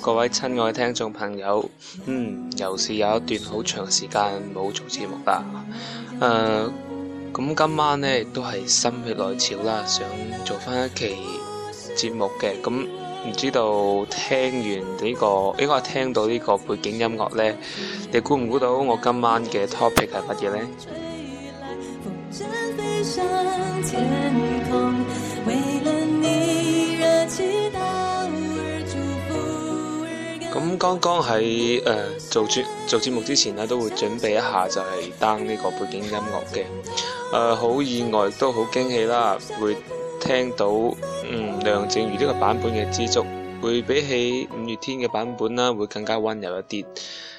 各位親愛聽眾朋友，嗯，又是有一段好長時間冇做節目啦。誒、呃，咁今晚呢，都係心血來潮啦，想做翻一期節目嘅。咁、嗯、唔知道聽完呢、呢個，應該係聽到呢個背景音樂呢，你估唔估到我今晚嘅 topic 係乜嘢呢？嗯剛剛喺，誒，做節做節目之前咧，都會準備一下就係 down 呢個背景音樂嘅。誒，好意外都好驚喜啦，會聽到嗯，梁靜茹呢個版本嘅《知足》，會比起五月天嘅版本啦，會更加温柔一啲，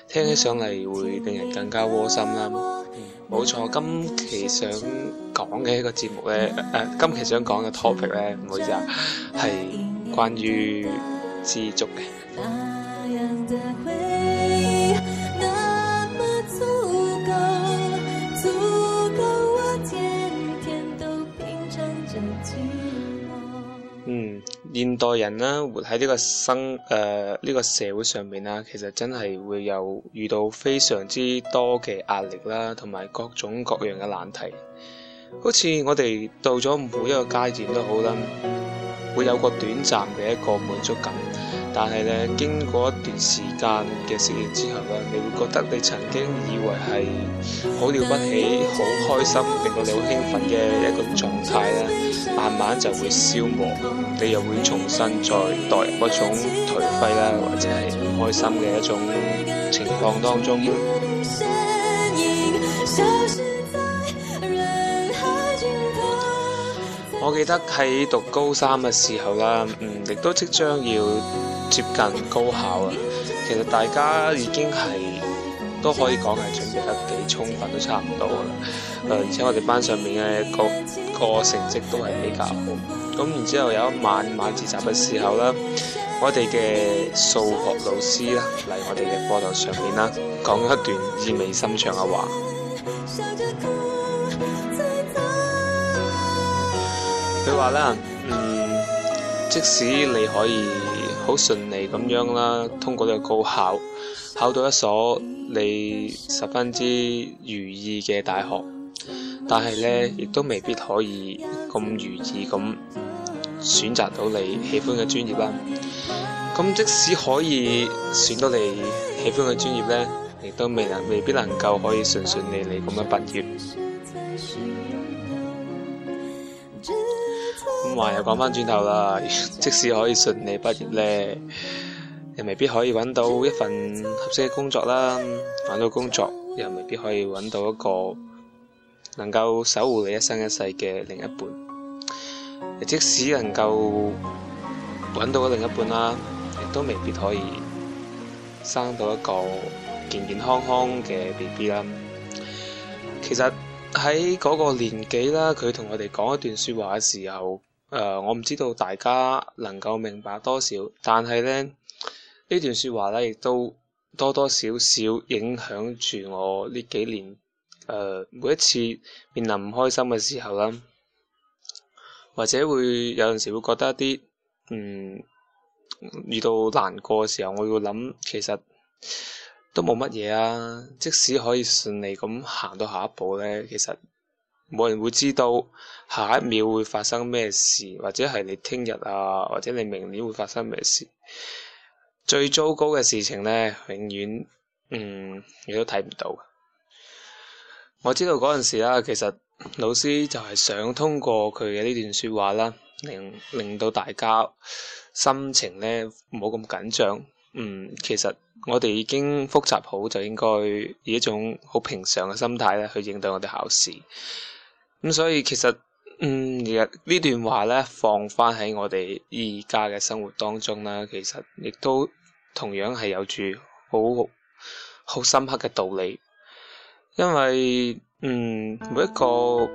聽起上嚟會令人更加窩心啦。冇錯，今期想講嘅一個節目咧，誒，今期想講嘅 topic 咧，唔好意思啊，係關於《知足》嘅。嗯，現代人呢，活喺呢個生誒呢、呃呢個社會上面啦，其實真係會有遇到非常之多嘅壓力啦，同埋各種各樣嘅難題。好似我哋到咗每一個階段都好啦，會有個短暫嘅一個滿足感。但係咧，經過一段時間嘅適應之後咧，你會覺得你曾經以為係好了不起、好開心、令到你好興奮嘅一個狀態咧，慢慢就會消磨，你又會重新再代入嗰種頹廢啦，或者係唔開心嘅一種情況當中。我記得喺讀高三嘅時候啦，嗯，亦都即將要接近高考啦。其實大家已經係都可以講係準備得幾充分，都差唔多啦，呃，而且我哋班上面嘅個個成績都係比較好。咁然之後有一晚晚自習嘅時候啦，我哋嘅數學老師啦嚟我哋嘅課堂上面啦，講一段意味深長嘅話。佢話咧，嗯，即使你可以好順利咁樣啦，通過個高考，考到一所你十分之如意嘅大學，但係咧，亦都未必可以咁如意咁選擇到你喜歡嘅專業啦。咁即使可以選到你喜歡嘅專業咧，亦都未能未必能夠可以順順利利咁樣畢業。話又講翻轉頭啦，即使可以順利畢業咧，又未必可以揾到一份合適嘅工作啦。揾到工作，又未必可以揾到一個能夠守護你一生一世嘅另一半。即使能夠揾到另一半啦，亦都未必可以生到一個健健康康嘅 BB 啦。其實喺嗰個年紀啦，佢同我哋講一段說話嘅時候。誒、呃，我唔知道大家能夠明白多少，但係咧，呢段說話咧，亦都多多少少影響住我呢幾年。誒、呃，每一次面臨唔開心嘅時候啦，或者會有陣時會覺得一啲嗯遇到難過嘅時候，我會諗其實都冇乜嘢啊。即使可以順利咁行到下一步咧，其實～冇人會知道下一秒會發生咩事，或者係你聽日啊，或者你明年會發生咩事。最糟糕嘅事情呢，永遠嗯你都睇唔到。我知道嗰陣時啦，其實老師就係想通過佢嘅呢段說話啦，令令到大家心情呢冇咁緊張。嗯，其實我哋已經復習好，就應該以一種好平常嘅心態咧去應對我哋考試。咁所以其實，嗯，其實呢段話咧放翻喺我哋而家嘅生活當中啦，其實亦都同樣係有住好好深刻嘅道理，因為嗯，每一個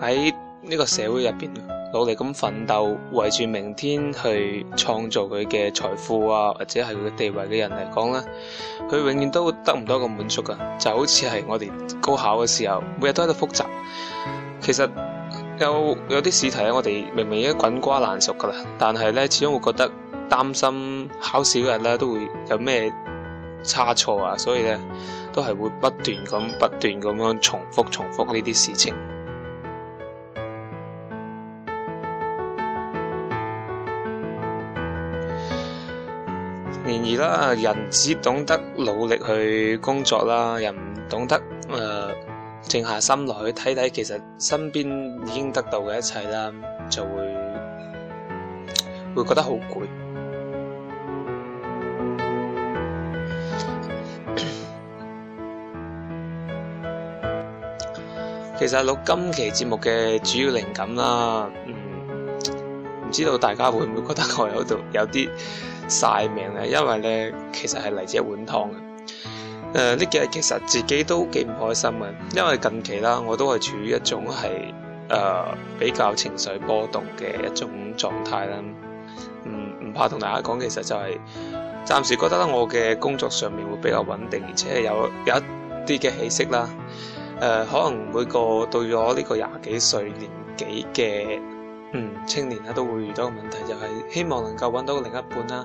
喺呢個社會入邊努力咁奮鬥，為住明天去創造佢嘅財富啊，或者係佢嘅地位嘅人嚟講咧，佢永遠都得唔到一個滿足噶、啊，就是、好似係我哋高考嘅時候，每日都喺度復習。其實有有啲試題咧，我哋明明已經滾瓜爛熟噶啦，但係咧始終會覺得擔心考試嗰日咧都會有咩差錯啊，所以咧都係會不斷咁，不斷咁樣重複，重複呢啲事情。然 而啦，人只懂得努力去工作啦，人唔懂得誒。呃靜下心來去睇睇，看看其實身邊已經得到嘅一切啦，就會會覺得好攰。 其實錄今期節目嘅主要靈感啦，唔、嗯、知道大家會唔會覺得我有度有啲晒命啊？因為咧，其實係嚟自一碗湯啊！誒，呢、呃、幾日其實自己都幾唔開心嘅，因為近期啦，我都係處於一種係誒、呃、比較情緒波動嘅一種狀態啦。唔、嗯、唔怕同大家講，其實就係暫時覺得我嘅工作上面會比較穩定，而且有有一啲嘅起色啦。誒、呃，可能每個到咗呢個廿幾歲年紀嘅嗯青年咧，都會遇到嘅問題就係、是、希望能夠揾到另一半啦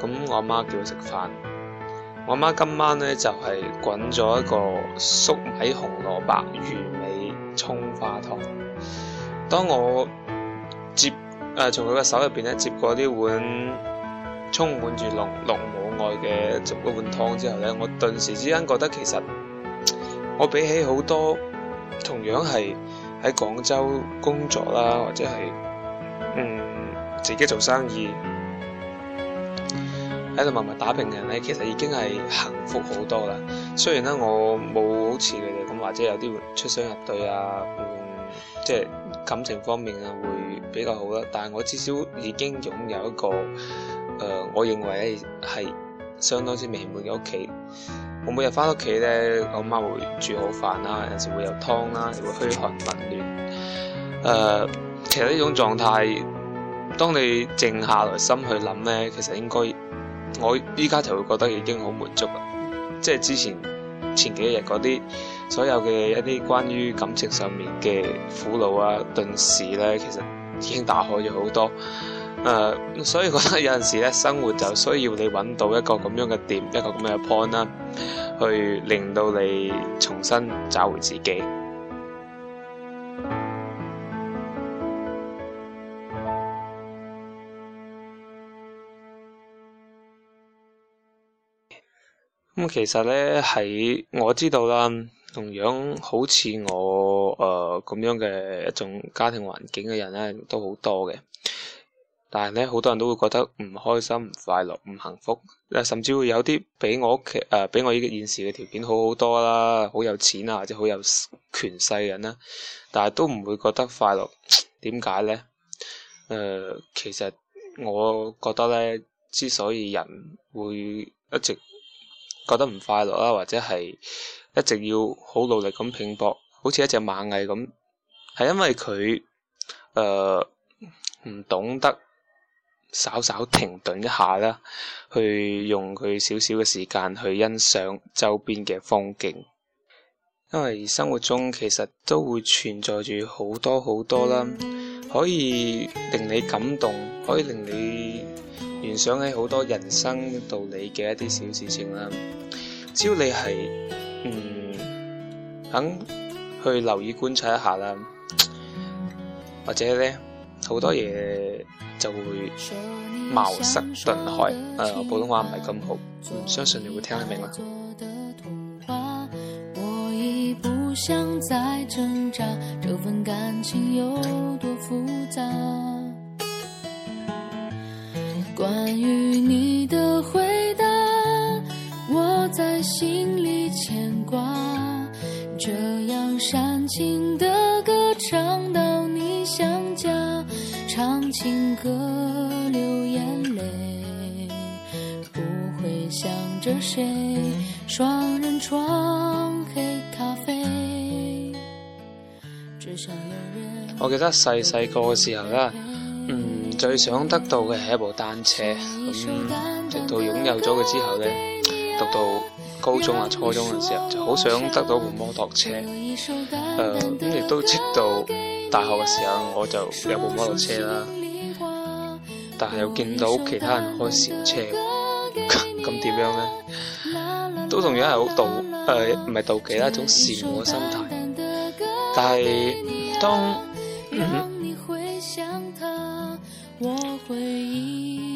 咁我阿媽叫佢食飯，我阿媽今晚咧就係、是、滾咗一個粟米紅蘿蔔魚尾蔥花湯。當我接誒、呃、從佢嘅手入邊咧接過啲碗，充滿住濃濃母愛嘅碗湯之後咧，我頓時之間覺得其實我比起好多同樣係喺廣州工作啦，或者係嗯自己做生意。喺度默默打拼嘅人咧，其實已經係幸福好多啦。雖然咧，我冇好似佢哋咁，或者有啲出雙入對啊、嗯，即係感情方面啊會比較好啦。但係我至少已經擁有一個，誒、呃，我認為咧係相當之美滿嘅屋企。我每日翻屋企咧，我媽媽會煮好飯啦，有時會有湯啦，會噓寒問暖。誒、呃，其實呢種狀態，當你靜下來心去諗咧，其實應該。我依家就會覺得已經好滿足，即係之前前幾日嗰啲所有嘅一啲關於感情上面嘅苦惱啊，頓時咧其實已經打開咗好多。誒、呃，所以我覺得有陣時咧，生活就需要你揾到一個咁樣嘅點，一個咁樣嘅 point 啦，去令到你重新找回自己。咁、嗯、其實咧，係我知道啦，同樣好似我誒咁、呃、樣嘅一種家庭環境嘅人咧，都好多嘅。但係咧，好多人都會覺得唔開心、唔快樂、唔幸福、呃，甚至會有啲比我屋企誒比我依個現時嘅條件好好多啦，好有錢啊，或者好有權勢嘅人啦，但係都唔會覺得快樂。點解咧？誒、呃，其實我覺得咧，之所以人會一直～覺得唔快樂啦，或者係一直要好努力咁拼搏，好似一隻螞蟻咁，係因為佢誒唔懂得稍稍停頓一下啦，去用佢少少嘅時間去欣賞周邊嘅風景。因為生活中其實都會存在住好多好多啦，可以令你感動，可以令你聯想起好多人生道理嘅一啲小事情啦，只要你係嗯肯去留意觀察一下啦，或者咧好多嘢就會茅塞頓開。誒、哎，普通話唔係咁好，相信你會聽得明啊！關於你的回答，我在心裡牽掛，這樣煽情的歌唱到你想家，唱情歌流眼淚，不會想着誰，雙人床、黑咖啡，有人，我記得細細個嘅時候啊。嗯，最想得到嘅係一部單車，咁、嗯、直到擁有咗佢之後咧，讀到高中啊、初中嘅時候，就好想得到部摩托車。誒、呃，咁亦都直到大學嘅時候，我就有部摩托車啦。但係又見到其他人開小車，咁 點、嗯、樣咧？都同樣係好妒誒，唔係妒忌，係一種羨慕嘅心態。但係當，嗯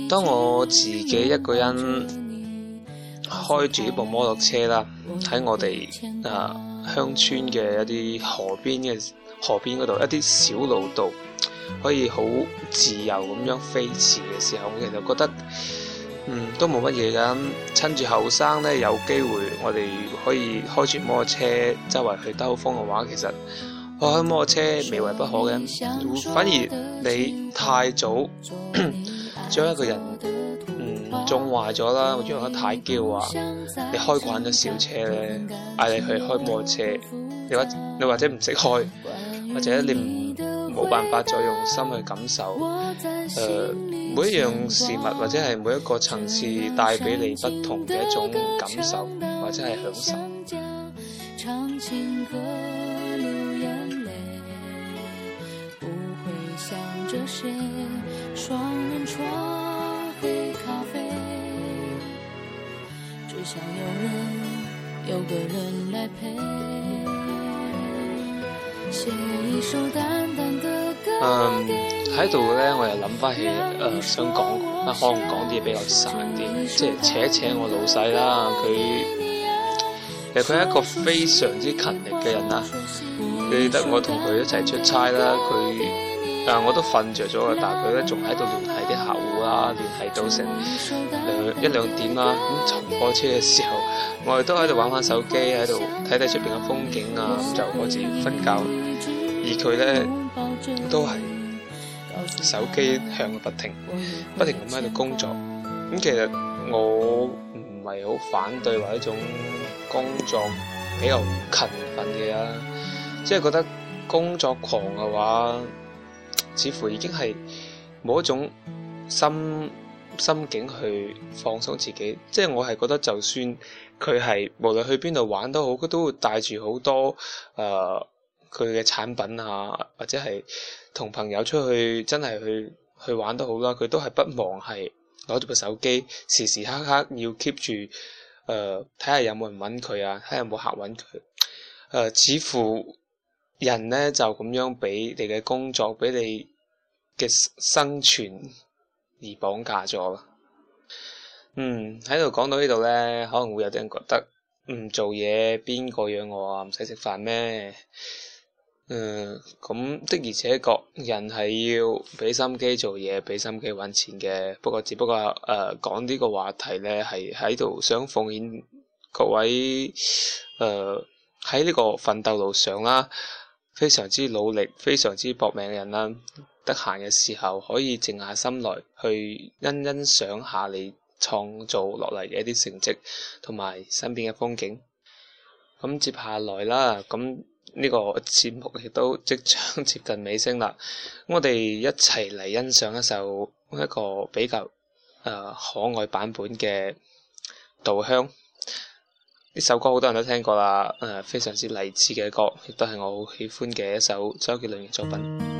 當我自己一個人開住一部摩托車啦，喺我哋啊鄉村嘅一啲河邊嘅河邊嗰度，一啲小路度，可以好自由咁樣飛馳嘅時候，我其實覺得嗯都冇乜嘢咁，趁住後生呢，有機會，我哋可以開住摩托車周圍去兜風嘅話，其實。開摩托車未為不可嘅，反而你太早將 一個人嗯種壞咗啦，或者用得太嬌啊，你開慣咗小車咧，嗌你去開摩托車，你或你或者唔識開，或者你冇辦法再用心去感受，誒、呃，每一樣事物或者係每一個層次帶俾你不同嘅一種感受或者係享受。嗯，喺度咧，我又諗翻起，誒、呃，想講，可能講啲比較散啲，即係請一請我老細啦，佢，其實佢係一個非常之勤力嘅人啦。記得我同佢一齊出差啦，佢。啊！我都瞓着咗啊，但係佢咧仲喺度聯繫啲客戶啦，聯繫到成兩、呃、一兩點啦、啊。咁坐火車嘅時候，我哋都喺度玩返手機，喺度睇睇出邊嘅風景啊，咁就開始瞓覺。而佢咧都係手機響不停，不停咁喺度工作。咁、嗯、其實我唔係好反對話一種工作比較勤奮嘅啦，即、就、係、是、覺得工作狂嘅話。似乎已經係冇一種心心境去放鬆自己，即係我係覺得就算佢係無論去邊度玩都好，佢都會帶住好多誒佢嘅產品啊，或者係同朋友出去真係去去玩都好啦，佢都係不忘係攞住部手機，時時刻刻要 keep 住誒睇下有冇人揾佢啊，睇下有冇客揾佢誒，似乎。人呢，就咁樣俾你嘅工作，俾你嘅生存而綁架咗啦。嗯，喺度講到呢度呢，可能會有啲人覺得唔做嘢邊個養我啊？唔使食飯咩？嗯，咁的而且確人係要俾心機做嘢，俾心機揾錢嘅。不過只不過誒、呃、講呢個話題呢，係喺度想奉獻各位誒喺呢個奮鬥路上啦。非常之努力、非常之搏命嘅人啦，得閒嘅時候可以靜下心來去欣欣賞下你創造落嚟嘅一啲成績，同埋身邊嘅風景。咁接下來啦，咁呢個節目亦都即將接近尾聲啦。我哋一齊嚟欣賞一首一個比較誒、呃、可愛版本嘅《稻香》。呢首歌好多人都聽過啦，誒、呃、非常之勵志嘅歌，亦都係我好喜歡嘅一首周杰倫嘅作品。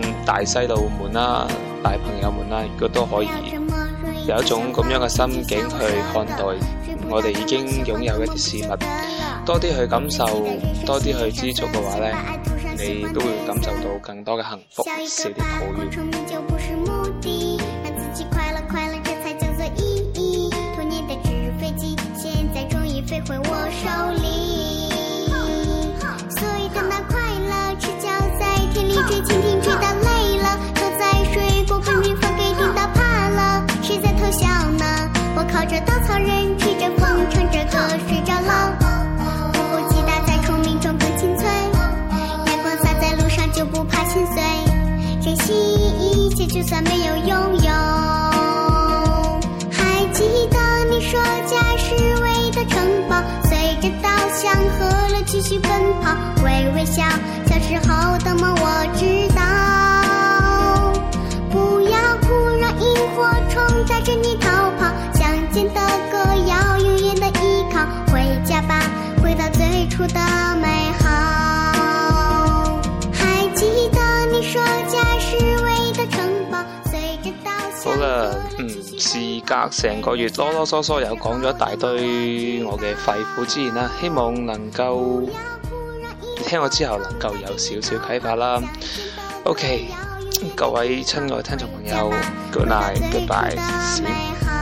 大西路們啦，大朋友們啦，如果都可以有一種咁樣嘅心境去看待我哋已經擁有一啲事物，多啲去感受，多啲去知足嘅話咧，你都會感受到更多嘅幸福，少啲抱怨。這稻草人。隔成個月，囉囉嗦嗦又講咗一大堆我嘅肺腑之言啦，希望能夠聽我之後能夠有少少啟發啦。OK，各位親愛聽眾朋友，Good night，goodbye。